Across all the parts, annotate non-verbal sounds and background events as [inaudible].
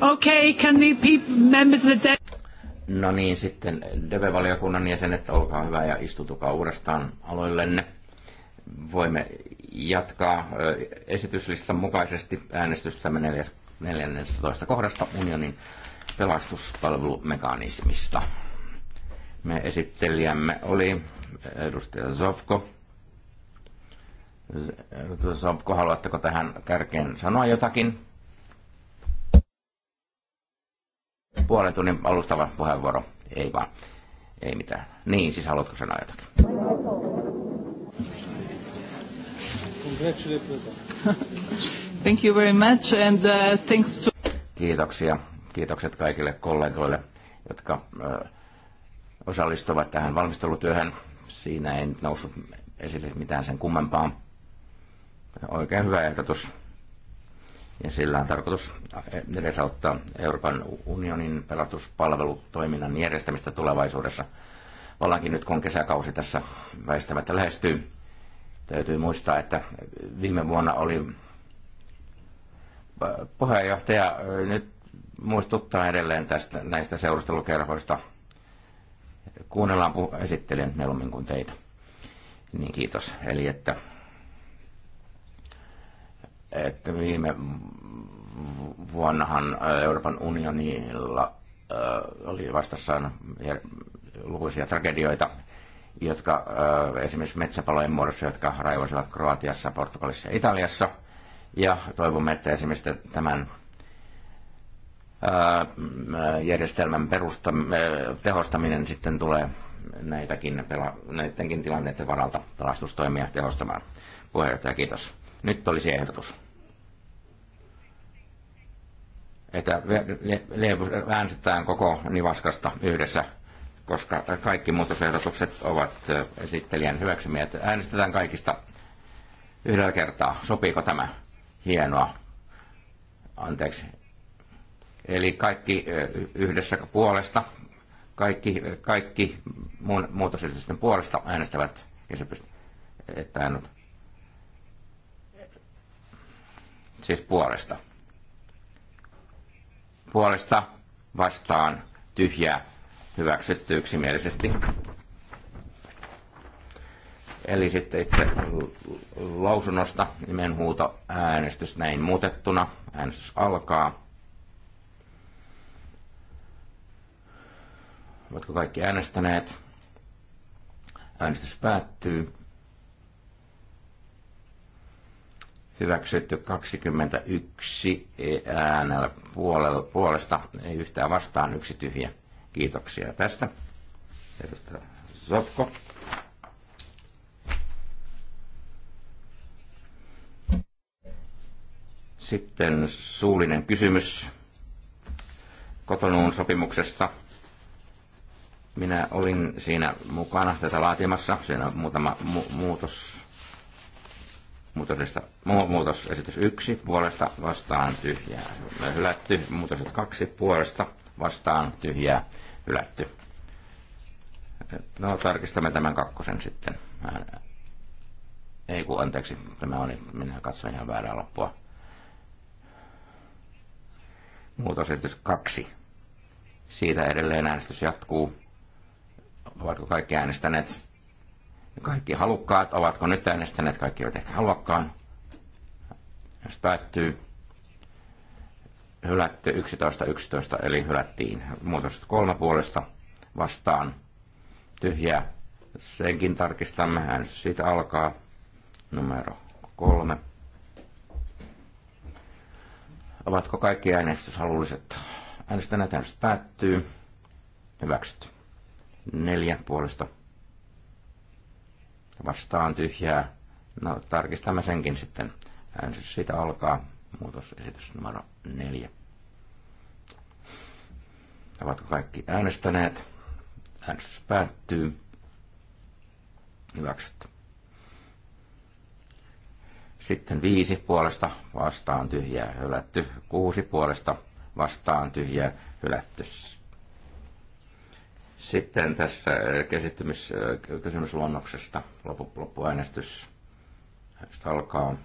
Okay, can the people, members of the No niin, sitten DEVE-valiokunnan jäsenet, olkaa hyvä ja istutukaa uudestaan aloillenne. Voimme jatkaa esityslistan mukaisesti äänestystä 14. kohdasta unionin pelastuspalvelumekanismista. Me esittelijämme oli edustaja Zovko. Sopko, haluatteko tähän kärkeen sanoa jotakin? Puolen tunnin alustava puheenvuoro. Ei vaan. Ei mitään. Niin, siis haluatko sanoa jotakin? [laughs] Thank you very much and uh, thanks to... Kiitoksia. Kiitokset kaikille kollegoille, jotka uh, osallistuvat tähän valmistelutyöhön. Siinä ei nyt noussut esille mitään sen kummempaa Oikein hyvä ehdotus. Ja sillä on tarkoitus edesauttaa Euroopan unionin pelastuspalvelutoiminnan järjestämistä tulevaisuudessa. Ollaankin nyt, kun kesäkausi tässä väistämättä lähestyy, täytyy muistaa, että viime vuonna oli äh, puheenjohtaja äh, nyt muistuttaa edelleen tästä, näistä seurustelukerhoista. Kuunnellaan esittelijän mieluummin kuin teitä. Niin kiitos. Eli että että viime vuonnahan äh, Euroopan unionilla äh, oli vastassaan lukuisia tragedioita, jotka äh, esimerkiksi metsäpalojen muodossa, jotka raivoisivat Kroatiassa, Portugalissa ja Italiassa. Ja toivomme, että esimerkiksi tämän järjestelmän perusta, tehostaminen sitten tulee näitäkin, näidenkin tilanteiden varalta pelastustoimia tehostamaan. Puheenjohtaja, kiitos. Nyt olisi ehdotus. että väänsetään koko nivaskasta yhdessä, koska kaikki muutosehdotukset ovat esittelijän hyväksymiä. Että äänestetään kaikista yhdellä kertaa. Sopiiko tämä? Hienoa. Anteeksi. Eli kaikki yhdessä puolesta, kaikki, kaikki muun muutosesitysten puolesta äänestävät ja se pystyy, että Siis puolesta puolesta vastaan tyhjää hyväksytty yksimielisesti. Eli sitten itse lausunnosta nimenhuuto äänestys näin muutettuna. Äänestys alkaa. Ovatko kaikki äänestäneet? Äänestys päättyy. hyväksytty 21 äänellä puolella, puolesta, ei yhtään vastaan, yksi tyhjä. Kiitoksia tästä. Edustaja Zotko. Sitten suullinen kysymys kotonuun sopimuksesta. Minä olin siinä mukana tätä laatimassa. Siinä on muutama mu- muutos Muutosesta, muutosesitys 1 puolesta vastaan tyhjää hylätty. Muutoset 2 puolesta vastaan tyhjää hylätty. No tarkistamme tämän kakkosen sitten. Ei kun anteeksi, tämä oli, minä katsoin ihan väärää loppua. Muutosesitys 2. Siitä edelleen äänestys jatkuu. Ovatko kaikki äänestäneet? Kaikki halukkaat, ovatko nyt äänestäneet, kaikki eivät ehkä haluakaan. Jos päättyy hylätty 11.11, eli hylättiin. Muutos kolme puolesta vastaan tyhjää. Senkin tarkistamme, hän siitä alkaa numero kolme. Ovatko kaikki äänestyshalulliset? Äänestäneet äänestys päättyy. Hyväksytty. Neljä puolesta vastaan tyhjää. No, tarkistamme senkin sitten. Äänsys siitä alkaa. Muutosesitys numero neljä. Ovatko kaikki äänestäneet? Äänestys päättyy. Hyväksytty. Sitten viisi puolesta vastaan tyhjää hylätty. Kuusi puolesta vastaan tyhjää hylätty. Sitten tässä äh, äh, kysymysluonnoksesta loppu, loppuäänestys Äänestys alkaa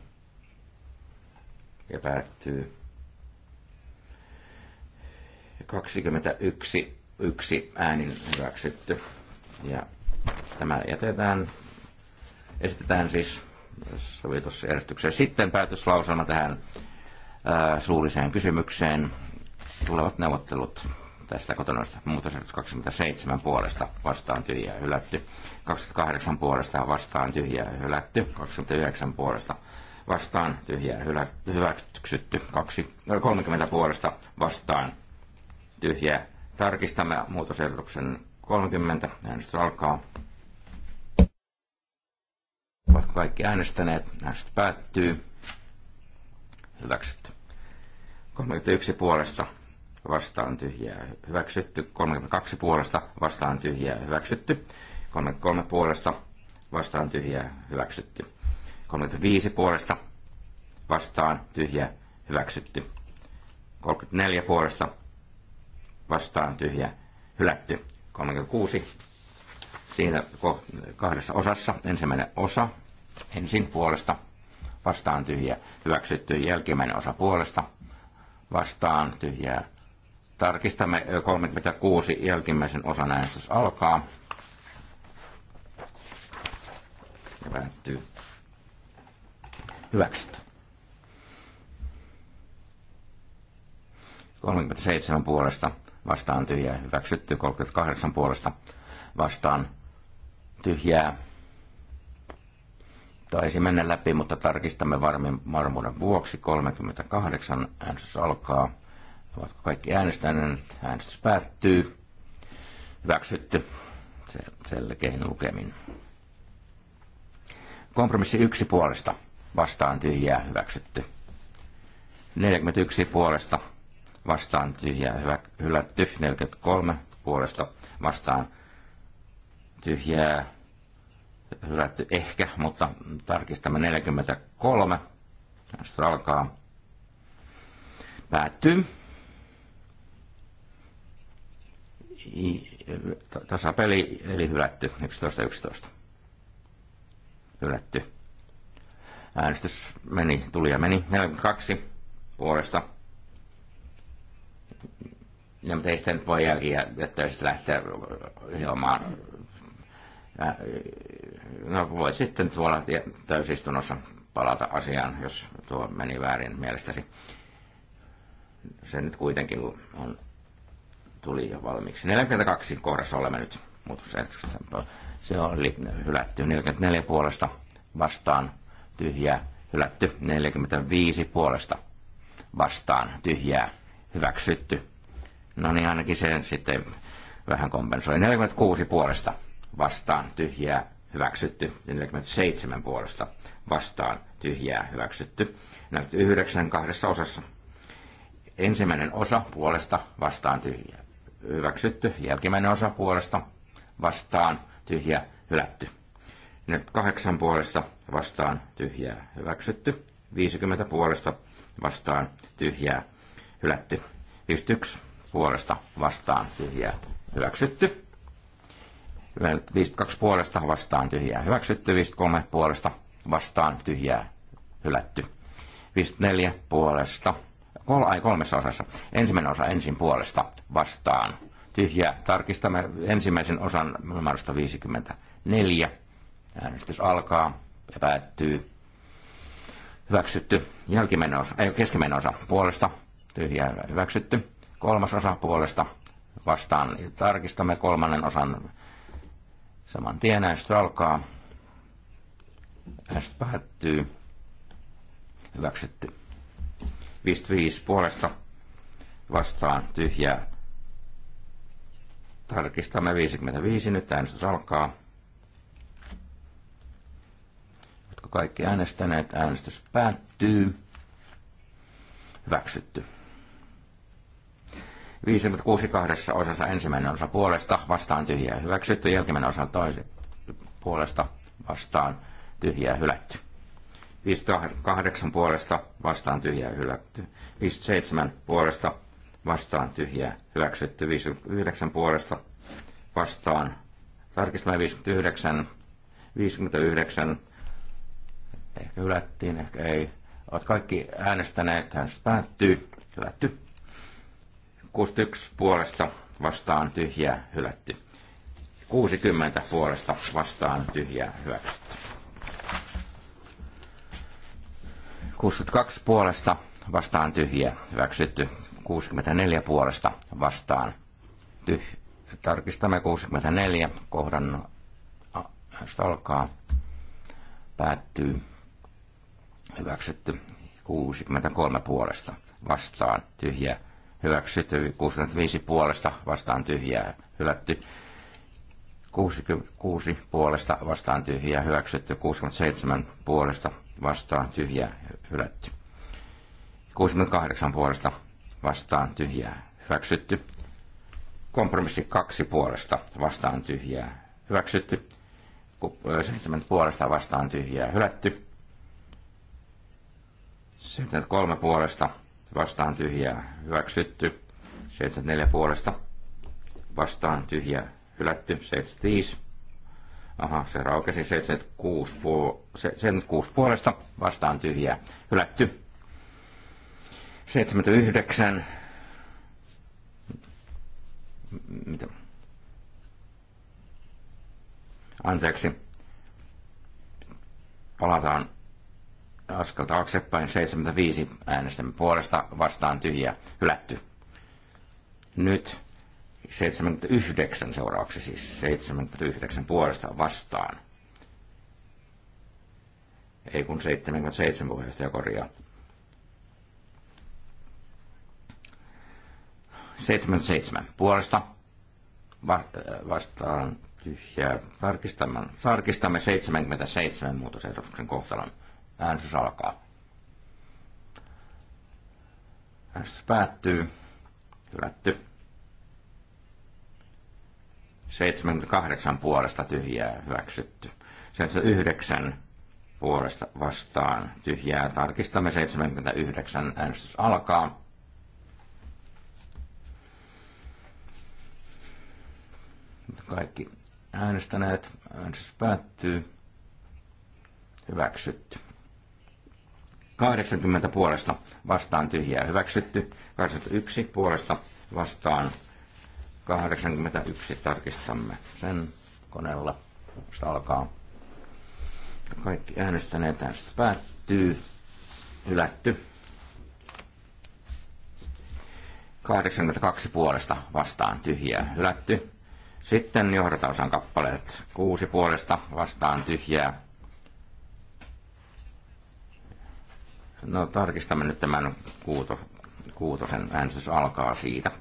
ja päättyy. 21 yksi äänin hyväksytty. Ja tämä jätetään, esitetään siis sovitusjärjestykseen. Sitten päätöslausana tähän ää, äh, suulliseen kysymykseen. Tulevat neuvottelut tästä kotonaista muutos 27 puolesta vastaan tyhjää hylätty, 28 puolesta vastaan tyhjää hylätty, 29 puolesta vastaan tyhjää hyväksytty, 30 puolesta vastaan tyhjää. Tarkistamme muutosehdotuksen 30, äänestys alkaa. Ovatko kaikki äänestäneet? Äänestys päättyy. Hyväksytty. 31 puolesta vastaan tyhjää hyväksytty, 32 puolesta vastaan tyhjää hyväksytty, 33 puolesta vastaan tyhjää hyväksytty, 35 puolesta vastaan tyhjää hyväksytty, 34 puolesta vastaan tyhjää hylätty, 36 siinä kahdessa osassa, ensimmäinen osa ensin puolesta vastaan tyhjä hyväksytty, jälkimmäinen osa puolesta vastaan tyhjää Tarkistamme 36 jälkimmäisen osan äänestys alkaa. Ja päättyy. Hyväksytty. 37 puolesta vastaan tyhjää hyväksytty, 38 puolesta vastaan tyhjää. Taisi mennä läpi, mutta tarkistamme varmin varmuuden vuoksi. 38 äänestys alkaa. Ovatko kaikki äänestäneet? Äänestys päättyy. Hyväksytty. Selkein lukemin. Kompromissi yksi puolesta. Vastaan tyhjää hyväksytty. 41 puolesta vastaan tyhjää hyvä, hylätty. 43 puolesta vastaan tyhjää hylätty ehkä, mutta tarkistamme 43. Tästä alkaa. Päättyy. tasapeli eli hylätty 11-11. Hylätty. Äänestys meni, tuli ja meni. 42 puolesta. Ja, mutta ei sitten no, voi jälkiä, että sitten lähteä ilmaan. No voit sitten tuolla täysistunnossa palata asiaan, jos tuo meni väärin mielestäsi. Se nyt kuitenkin on tuli jo valmiiksi. 42 kohdassa olemme nyt. Se oli hylätty. 44 puolesta vastaan tyhjää hylätty. 45 puolesta vastaan tyhjää hyväksytty. No niin, ainakin sen sitten vähän kompensoi. 46 puolesta vastaan tyhjää hyväksytty. 47 puolesta vastaan tyhjää hyväksytty. Näytti yhdeksän kahdessa osassa ensimmäinen osa puolesta vastaan tyhjää hyväksytty, jälkimmäinen osa puolesta vastaan tyhjä hylätty. Nyt kahdeksan puolesta vastaan tyhjää hyväksytty, 50 puolesta vastaan tyhjää hylätty, 51 puolesta vastaan tyhjää hyväksytty. 52 puolesta vastaan tyhjää hyväksytty, 53 puolesta vastaan tyhjää hylätty. 54 puolesta kol, ai, kolmessa osassa. Ensimmäinen osa ensin puolesta vastaan. tyhjä Tarkistamme ensimmäisen osan numerosta 54. Äänestys alkaa ja päättyy. Hyväksytty. Jälkimmäinen osa, ei, keskimmäinen osa puolesta. tyhjä Hyväksytty. Kolmas osa puolesta vastaan. Tarkistamme kolmannen osan saman tien. Äänestys alkaa. Äänestys päättyy. Hyväksytty. 55 puolesta vastaan tyhjää. Tarkistamme 55, nyt äänestys alkaa. Oletko kaikki äänestäneet? Äänestys päättyy. Hyväksytty. 56 kahdessa osassa ensimmäinen osa puolesta vastaan tyhjää hyväksytty, jälkimmäinen osa toisen puolesta vastaan tyhjää hylätty. 58 puolesta vastaan tyhjää hylätty. 57 puolesta vastaan tyhjää hyväksytty. 59 puolesta vastaan. Tarkistetaan 59. 59. Ehkä hylättiin, ehkä ei. Olet kaikki äänestäneet. Hän päättyy. Hylätty. 61 puolesta vastaan tyhjää hylätty. 60 puolesta vastaan tyhjää hyväksytty. 62 puolesta vastaan tyhjä, hyväksytty 64 puolesta vastaan tyhjä. Tarkistamme 64 kohdan tästä alkaa, päättyy, hyväksytty 63 puolesta vastaan tyhjä, hyväksytty 65 puolesta vastaan tyhjä hylätty 66 puolesta vastaan tyhjiä, hyväksytty 67 puolesta vastaan tyhjää hylätty. 68 puolesta vastaan tyhjää hyväksytty. Kompromissi 2 puolesta vastaan tyhjää hyväksytty. 7 puolesta vastaan tyhjää hylätty. 73 puolesta vastaan tyhjää hyväksytty. 74 puolesta vastaan tyhjää hylätty. 75 Aha, se raukesi 76, puol- 76 puolesta, vastaan tyhjää, hylätty. 79, M- mitä? Anteeksi, palataan askel taaksepäin, 75 äänestämme puolesta, vastaan tyhjää, hylätty. Nyt 79 seuraavaksi siis, 79 puolesta vastaan. Ei kun 77 puheenjohtaja korjaa. 77 puolesta Va- äh, vastaan tyhjää. Tarkistamme, tarkistamme 77 muutosehdotuksen kohtalon. Äänestys alkaa. Äänestys päättyy. Hylätty. 78 puolesta tyhjää hyväksytty. 79 puolesta vastaan tyhjää. Tarkistamme 79. Äänestys alkaa. Kaikki äänestäneet. Äänestys päättyy. Hyväksytty. 80 puolesta vastaan tyhjää hyväksytty. 81 puolesta vastaan 81 tarkistamme sen koneella. Se alkaa. Kaikki äänestäneet tästä päättyy. Hylätty. 82 puolesta vastaan tyhjää hylätty. Sitten johdataosan kappaleet 6 puolesta vastaan tyhjää. No tarkistamme nyt tämän kuuto, kuutosen äänestys alkaa siitä.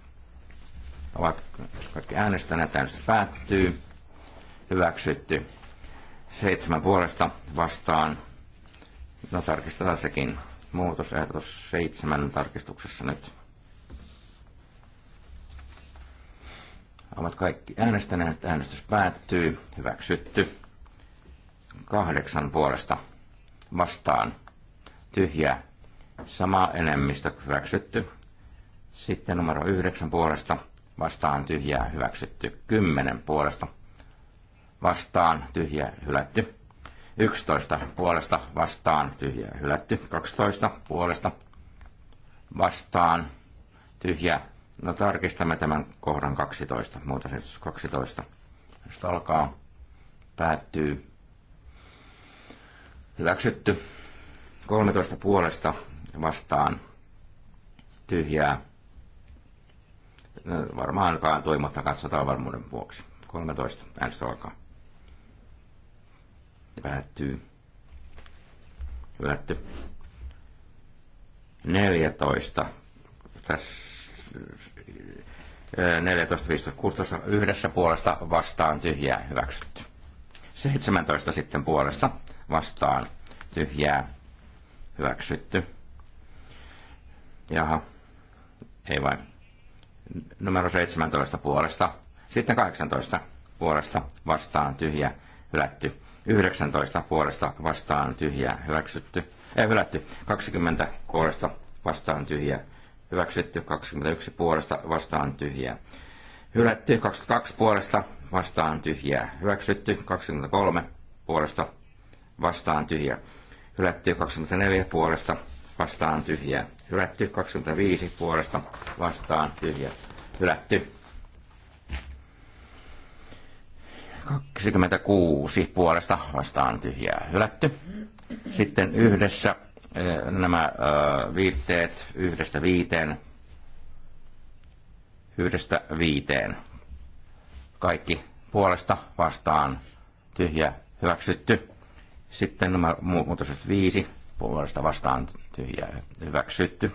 Ovat kaikki äänestäneet, äänestys päättyy. Hyväksytty. Seitsemän puolesta vastaan. No tarkistetaan sekin. Muutosehdotus seitsemän tarkistuksessa nyt. Ovat kaikki äänestäneet, äänestys päättyy. Hyväksytty. Kahdeksan puolesta vastaan. Tyhjä. Sama enemmistö hyväksytty. Sitten numero yhdeksän puolesta vastaan tyhjää hyväksytty. 10 puolesta vastaan tyhjää hylätty. 11 puolesta vastaan tyhjää hylätty. 12 puolesta vastaan tyhjä. No tarkistamme tämän kohdan 12, muutosesitys 12. Jos alkaa, päättyy. Hyväksytty. 13 puolesta vastaan tyhjää varmaankaan tui, mutta katsotaan varmuuden vuoksi. 13. äänestä alkaa. Päättyy. Hylätty. 14. Tässä 14, 15, 16 yhdessä puolesta vastaan tyhjää hyväksytty. 17 sitten puolesta vastaan tyhjää hyväksytty. Jaha, ei vain numero 17 puolesta. Sitten 18 puolesta vastaan tyhjä hylätty. 19 puolesta vastaan tyhjä hyväksytty. Ei eh, hylätty. 20 puolesta vastaan tyhjä hyväksytty. 21 puolesta vastaan tyhjä hylätty. 22 puolesta vastaan tyhjä hyväksytty. 23 puolesta vastaan tyhjä hylätty. 24 puolesta vastaan tyhjää hylätty, 25 puolesta vastaan tyhjä, hylätty. 26 puolesta vastaan tyhjää hylätty. Sitten yhdessä eh, nämä eh, viitteet yhdestä viiteen. Yhdestä viiteen. Kaikki puolesta vastaan tyhjä hyväksytty. Sitten nämä muutokset viisi puolesta vastaan tyhjää hyväksytty.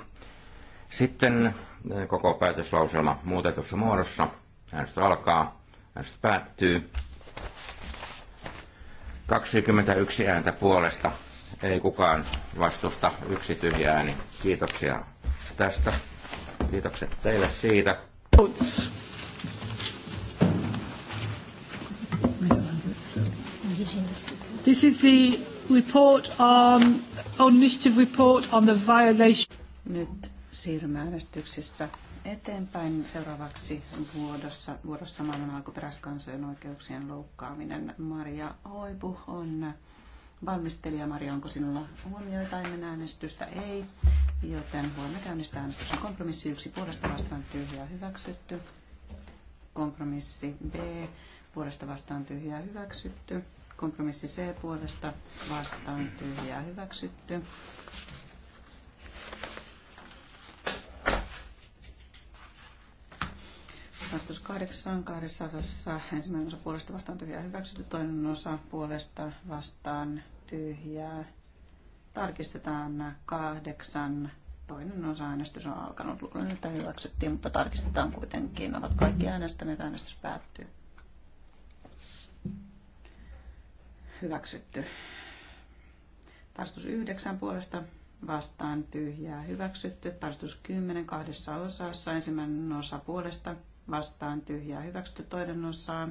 Sitten äh, koko päätöslauselma muutetussa muodossa. Äänestys alkaa, äänestys päättyy. 21 ääntä puolesta, ei kukaan vastusta, yksi tyhjä ääni. Kiitoksia tästä. Kiitokset teille siitä. Uts. This is the report on, on initiative report on the violation. Nyt siirrymme äänestyksessä eteenpäin. Seuraavaksi vuodossa, vuodossa maailman alkuperäiskansojen oikeuksien loukkaaminen. Maria Hoipu on valmistelija. Maria, onko sinulla huomioita ennen äänestystä? Ei. Joten voimme käynnistää äänestyksen kompromissi yksi puolesta vastaan tyhjää hyväksytty. Kompromissi B puolesta vastaan tyhjää hyväksytty. Kompromissi C puolesta vastaan tyhjää hyväksytty. Vastus 8 kahdessa osassa. Ensimmäinen osa puolesta vastaan tyhjää hyväksytty, toinen osa puolesta vastaan tyhjää. Tarkistetaan kahdeksan. Toinen osa äänestys on alkanut. Luulen, että hyväksyttiin, mutta tarkistetaan kuitenkin. Ovat kaikki äänestäneet. Äänestys päättyy. hyväksytty. Tarkistus 9 puolesta vastaan tyhjää hyväksytty. Tarkistus 10 kahdessa osassa. Ensimmäinen osa puolesta vastaan tyhjää hyväksytty. Toinen osa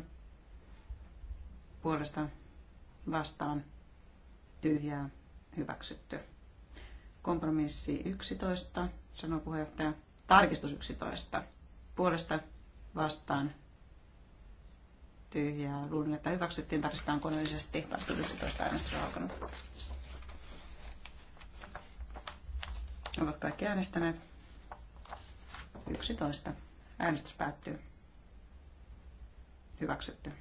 puolesta vastaan tyhjää hyväksytty. Kompromissi 11, sanoo puheenjohtaja. Tarkistus 11. Puolesta vastaan tyhjää. Luulin, että hyväksyttiin. Tarkistetaan koneellisesti. vaikka 11 äänestys on alkanut. Ovat kaikki äänestäneet. 11. Äänestys päättyy. Hyväksytty.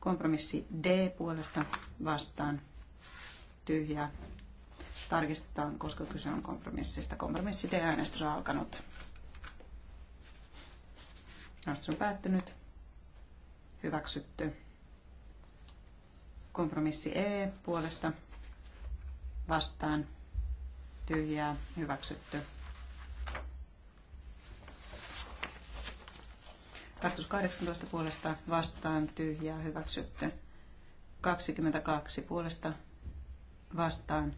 Kompromissi D puolesta vastaan. Tyhjää. Tarkistetaan, koska kyse on kompromissista. Kompromissi D-äänestys on alkanut. Äänestys on päättynyt hyväksytty. Kompromissi E puolesta vastaan tyhjää hyväksytty. Vastus 18 puolesta vastaan tyhjää hyväksytty. 22 puolesta vastaan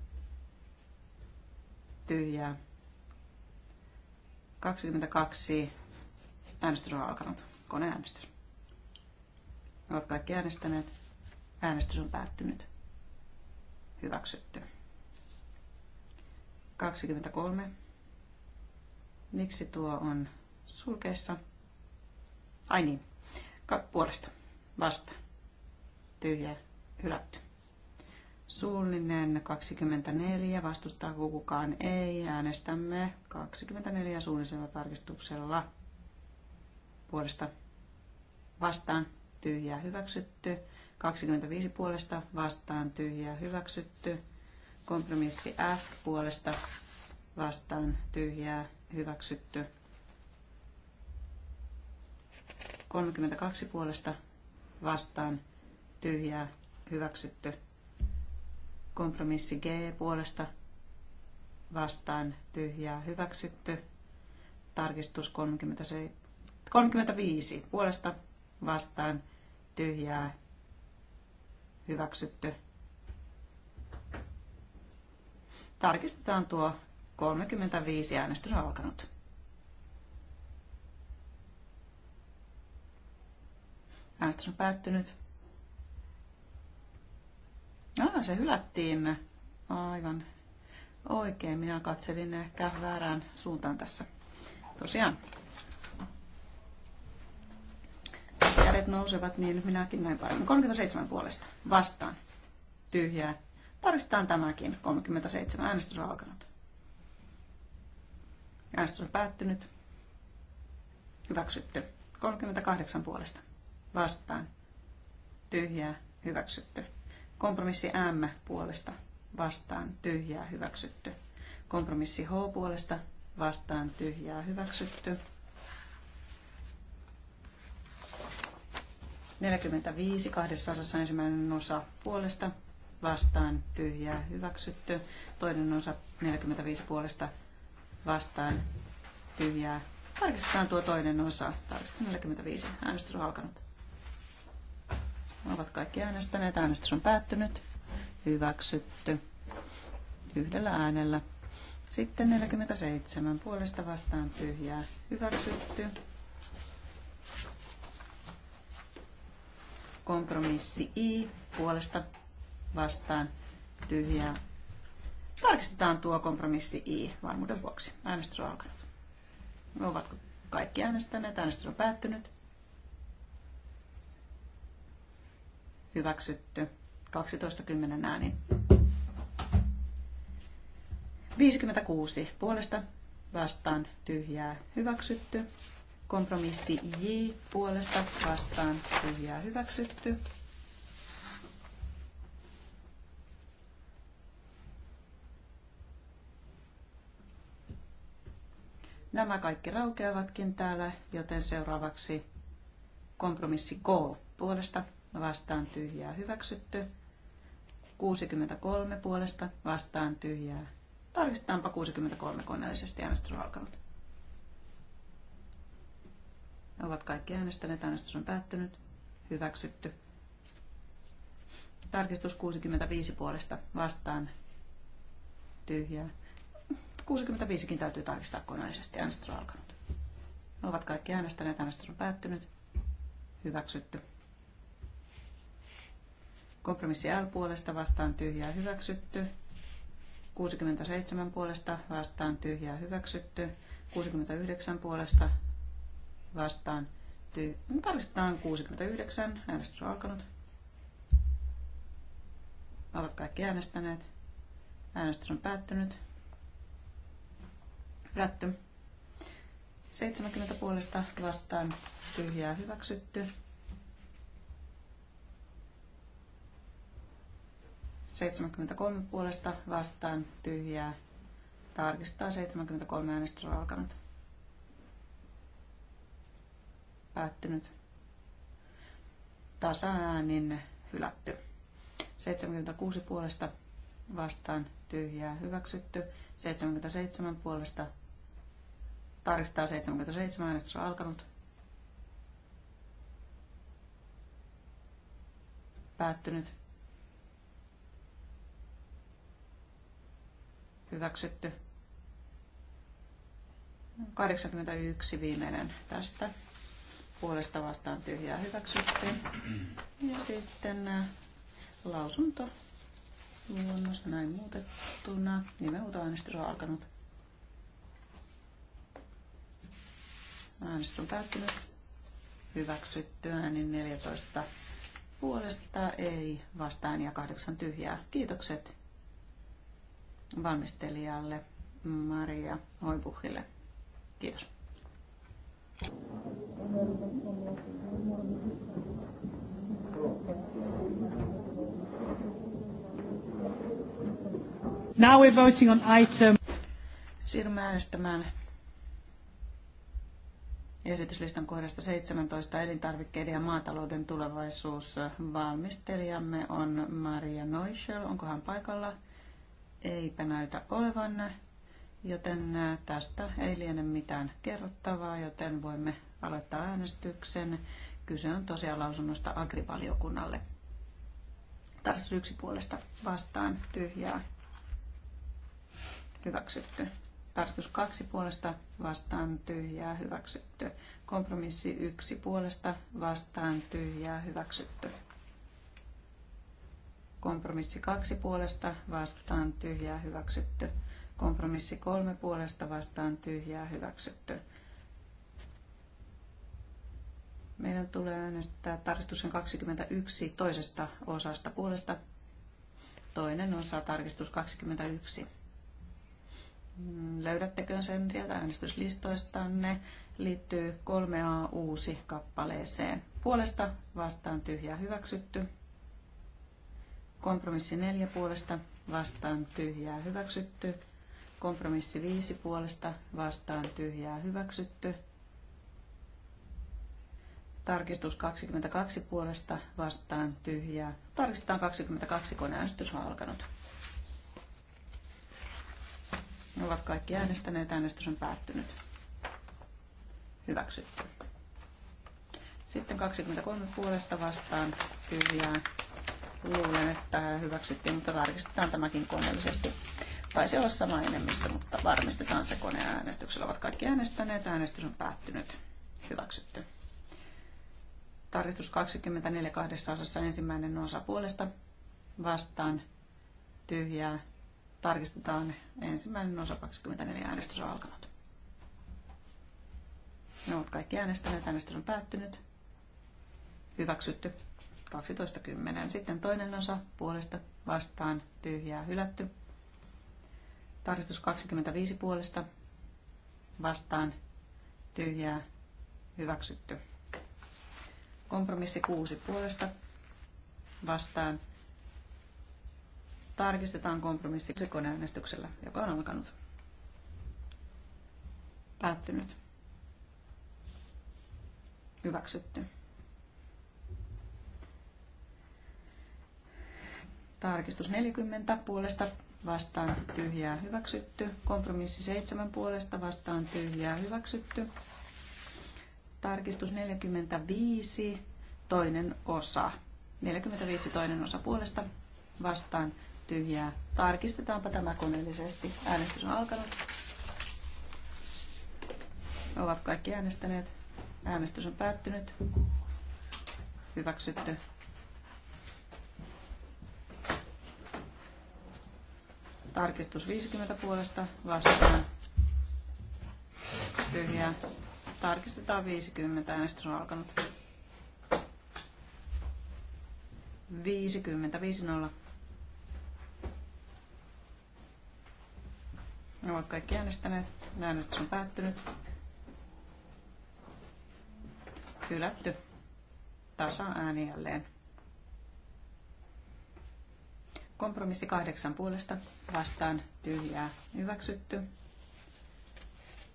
tyhjää. 22 äänestys on alkanut. Koneäänestys. Ovat kaikki äänestäneet. Äänestys on päättynyt. Hyväksytty. 23. Miksi tuo on sulkeessa? Ai niin. puolesta. Vasta. Tyhjä. Hylätty. Suullinen 24. vastustaa kukaan? Ei. Äänestämme 24 suullisella tarkistuksella. Puolesta. Vastaan tyhjää hyväksytty. 25 puolesta vastaan tyhjää hyväksytty. Kompromissi F puolesta vastaan tyhjää hyväksytty. 32 puolesta vastaan tyhjää hyväksytty. Kompromissi G puolesta vastaan tyhjää hyväksytty. Tarkistus 37, 35 puolesta vastaan tyhjää hyväksytty. Tarkistetaan tuo 35 äänestys on alkanut. Äänestys on päättynyt. Ah, se hylättiin aivan oikein. Minä katselin ehkä väärään suuntaan tässä. Tosiaan, kaaret nousevat, niin minäkin näin paremmin. 37 puolesta vastaan. Tyhjää. Paristaan tämäkin. 37. Äänestys on alkanut. Äänestys on päättynyt. Hyväksytty. 38 puolesta. Vastaan. Tyhjää. Hyväksytty. Kompromissi M puolesta. Vastaan. Tyhjää. Hyväksytty. Kompromissi H puolesta. Vastaan. Tyhjää. Hyväksytty. 45 kahdessa osassa ensimmäinen osa puolesta vastaan tyhjää hyväksytty. Toinen osa 45 puolesta vastaan tyhjää. Tarkistetaan tuo toinen osa. Tarkistetaan 45. Äänestys on alkanut. Ovat kaikki äänestäneet. Äänestys on päättynyt. Hyväksytty. Yhdellä äänellä. Sitten 47 puolesta vastaan tyhjää. Hyväksytty. Kompromissi I puolesta vastaan tyhjää. Tarkistetaan tuo kompromissi I varmuuden vuoksi. Äänestys on alkanut. Ovatko kaikki äänestäneet? Äänestys on päättynyt. Hyväksytty. 12.10 äänin. 56 puolesta vastaan tyhjää hyväksytty. Kompromissi J puolesta vastaan tyhjää hyväksytty. Nämä kaikki raukeavatkin täällä, joten seuraavaksi kompromissi K puolesta vastaan tyhjää hyväksytty. 63 puolesta vastaan tyhjää. Tarkistetaanpa 63 koneellisesti äänestys on alkanut. Ovat kaikki äänestäneet. Äänestys on päättynyt. Hyväksytty. Tarkistus 65 puolesta vastaan. Tyhjää. 65kin täytyy tarkistaa koneellisesti. Äänestys on alkanut. Ovat kaikki äänestäneet. Äänestys on päättynyt. Hyväksytty. Kompromissi L puolesta vastaan tyhjää hyväksytty. 67 puolesta vastaan tyhjää hyväksytty. 69 puolesta vastaan tyy. Tarkistetaan 69. Äänestys on alkanut. Ovat kaikki äänestäneet. Äänestys on päättynyt. Rätty. 70 puolesta vastaan tyhjää hyväksytty. 73 puolesta vastaan tyhjää. Tarkistaa 73 äänestys on alkanut. päättynyt tasaäänin hylätty. 76 puolesta vastaan tyhjää hyväksytty. 77 puolesta tarkistaa 77 äänestys on alkanut. Päättynyt. Hyväksytty. 81 viimeinen tästä puolesta vastaan tyhjää hyväksytty. Ja sitten äh, lausunto luonnos näin muutettuna. Nimenhuutoäänestys on alkanut. Äänestys on päättynyt. Hyväksytty äänin 14 puolesta ei vastaan ja kahdeksan tyhjää. Kiitokset valmistelijalle Maria Hoibuhille. Kiitos. Now we're voting on item. Siirrymme äänestämään esityslistan kohdasta 17 elintarvikkeiden ja maatalouden tulevaisuus. Valmistelijamme on Maria Onko Onkohan paikalla? Eipä näytä olevan, joten tästä ei liene mitään kerrottavaa, joten voimme aloittaa äänestyksen. Kyse on tosiaan lausunnosta agrivaliokunnalle. Tarsus yksi puolesta vastaan tyhjää. Hyväksytty. Tarstus kaksi puolesta vastaan tyhjää hyväksytty. Kompromissi yksi puolesta vastaan tyhjää hyväksytty. Kompromissi kaksi puolesta vastaan tyhjää hyväksytty. Kompromissi kolme puolesta vastaan tyhjää hyväksytty. Meidän tulee äänestää tarkistuksen 21 toisesta osasta puolesta. Toinen osa tarkistus 21. Löydättekö sen sieltä äänestyslistoistanne? Liittyy 3A uusi kappaleeseen. Puolesta vastaan tyhjä hyväksytty. Kompromissi 4 puolesta vastaan tyhjää hyväksytty. Kompromissi 5 puolesta vastaan tyhjää hyväksytty. Tarkistus 22 puolesta vastaan tyhjää. Tarkistetaan 22, kun äänestys on alkanut. Ne ovat kaikki äänestäneet. Äänestys on päättynyt. Hyväksytty. Sitten 23 puolesta vastaan tyhjää. Luulen, että hyväksyttiin, mutta tarkistetaan tämäkin koneellisesti. Taisi olla sama enemmistö, mutta varmistetaan se koneäänestyksellä. Ovat kaikki äänestäneet. Äänestys on päättynyt. Hyväksytty. Tarkistus 24 kahdessa osassa ensimmäinen osa puolesta vastaan tyhjää. Tarkistetaan ensimmäinen osa 24 äänestys on alkanut. Ne ovat kaikki äänestäneet. Äänestys on päättynyt. Hyväksytty. 12.10. Sitten toinen osa puolesta vastaan tyhjää hylätty. Tarkistus 25 puolesta vastaan tyhjää hyväksytty. Kompromissi 6 puolesta vastaan. Tarkistetaan kompromissi koneäänestyksellä, joka on alkanut. Päättynyt. Hyväksytty. Tarkistus 40 puolesta vastaan tyhjää hyväksytty. Kompromissi 7 puolesta vastaan tyhjää hyväksytty. Tarkistus 45, toinen osa. 45 toinen osa puolesta vastaan tyhjää. Tarkistetaanpa tämä koneellisesti. Äänestys on alkanut. Ovat kaikki äänestäneet. Äänestys on päättynyt. Hyväksytty. Tarkistus 50 puolesta vastaan. Tyhjää. Tarkistetaan 50. Äänestys on alkanut. 50, 50. Ne ovat kaikki äänestäneet. Äänestys on päättynyt. Hylätty. Tasa ääni jälleen. Kompromissi kahdeksan puolesta vastaan tyhjää hyväksytty.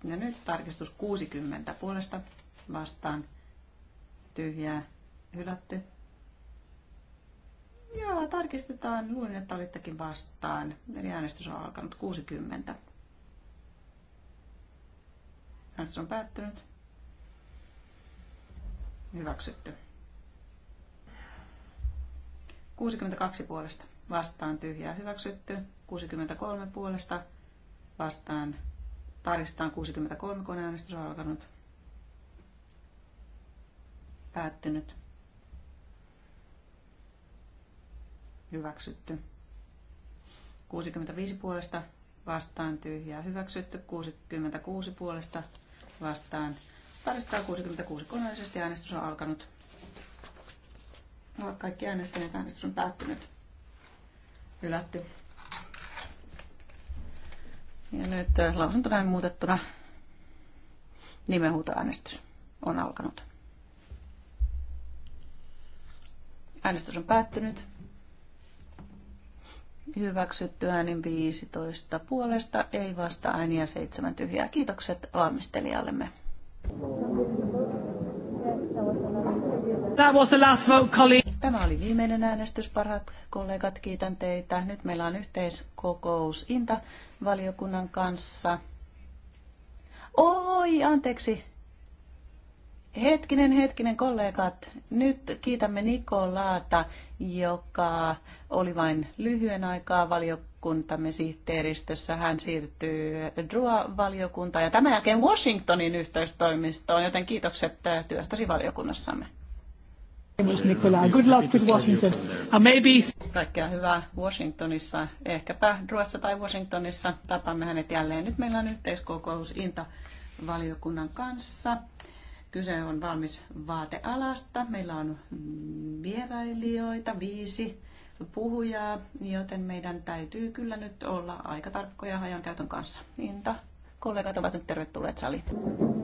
Ja nyt tarkistus 60 puolesta vastaan tyhjää hylätty. Joo, tarkistetaan. Luulin, että olittekin vastaan. Eli äänestys on alkanut 60. Äänestys on päättynyt. Hyväksytty. 62 puolesta vastaan tyhjää hyväksytty. 63 puolesta vastaan Tarkistetaan 63, kun äänestys on alkanut. Päättynyt. Hyväksytty. 65 puolesta vastaan tyhjää hyväksytty. 66 puolesta vastaan. 266 koneellisesti äänestys on alkanut. Ovat kaikki äänestäneet, äänestys on päättynyt. Hylätty. Ja nyt äh, lausunto näin muutettuna. Nimenhuutoäänestys on alkanut. Äänestys on päättynyt. Hyväksytty äänin 15 puolesta, ei vasta ääniä 7 tyhjää. Kiitokset valmistelijallemme. Thank you. That was the last vote, Tämä oli viimeinen äänestys, parhaat kollegat, kiitän teitä. Nyt meillä on yhteiskokous Inta-valiokunnan kanssa. Oi, anteeksi. Hetkinen, hetkinen kollegat. Nyt kiitämme Nikolaata, joka oli vain lyhyen aikaa valiokuntamme sihteeristössä. Hän siirtyy DRUA-valiokuntaan ja tämän jälkeen Washingtonin yhteystoimistoon, joten kiitokset äh, työstäsi valiokunnassamme. Uh, Kaikkea hyvää Washingtonissa. Ehkäpä Ruossa tai Washingtonissa tapaamme hänet jälleen. Nyt meillä on yhteiskokous Inta-valiokunnan kanssa. Kyse on valmis vaatealasta. Meillä on vierailijoita, viisi puhujaa, joten meidän täytyy kyllä nyt olla aika tarkkoja hajankäytön kanssa. Inta, kollegat ovat nyt tervetulleet saliin.